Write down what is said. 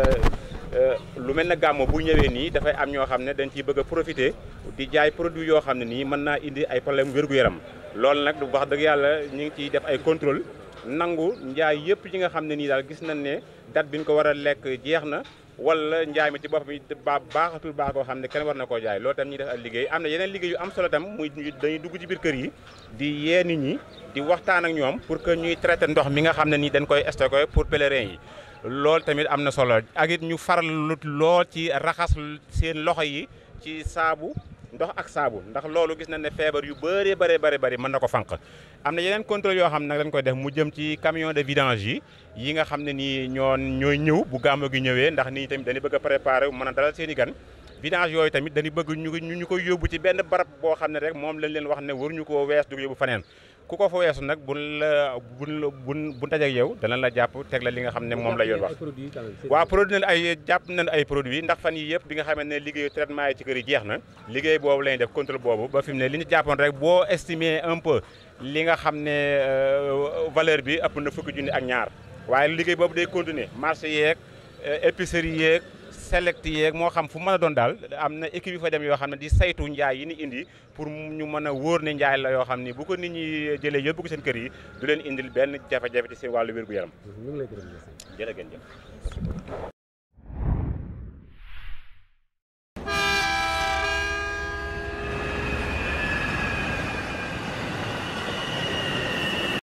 Euh, euh, lu mel na gàmmu bu ñëwee nii dafay am ñoo xam ne dañ ciy bëgg profité di jaay produit yoo xam ne nii mën naa indi ay problème wér-gu-yaram loolu nag wax dëgg yàlla ñu ngi def ay contrôle nangu njaay yëpp yi nga xam ne nii daal gis nañ ne date bi ko war a lekk jeex na wala njaay mi ci boppam it ba baaxatul baax koo xam ne kenn war na koo jaay loolu tam ñuy def ak liggéey am na yeneen liggéey am solo tam muy dañuy dugg ci biir kër yi di yee nit ñi di waxtaan ak ñoom pour que ñuy traité ndox mi nga xam ne nii dañ koy stocké pour pèlerin yi loolu tamit am na solo ak it ñu faral lut lool ci raxas seen loxo yi ci saabu ndox ak saabu ndax loolu gis nañ ne feebar yu bare bare bëri bëri mën na ko fànq am na yeneen contrôle yoo xam ne nag dañ koy def mu jëm ci camion de vidange yi yi nga xam ne nii ñoon ñooy ñëw bu gàmmu gi ñëwee ndax nii tamit dañu bëgg a mën a dalal seeni gan vidange yooyu tamit dañu bëgg ñu ñu koy yóbbu ci benn barab boo xam ne rek moom lañ leen wax ne waruñu koo wees du yóbbu faneen ku ko fa weesu nag buñ la buñ buñ buñ yow danañ la jàpp teg la li nga xam ne moom la yoon wax waaw produit nañ ay jàpp nañ ay produit ndax fan yi yëpp bi nga xamee ne liggéeyu traitement yi ci kër jeex na liggéey boobu lañuy def contrôle boobu ba fi mu ne li ñu jàppoon rek boo estimer un peu li nga xam ne euh, valeur bi ëpp na fukki junni ak ñaar waaye liggéey boobu day continuer marché yeeg euh, épicerie yeeg select yeeg moo xam fu mën a doon daal am na équipe yu fa dem yoo xam ne di saytu njaay yi ni indi pour ñu mën a wóor ne njaay la yoo xam ni bu ko nit ñi jëlee yóbbu ko seen kër yi du leen indil benn jafe-jafe ci seen wàllu wér-gu-yaram jërë ngeen jëf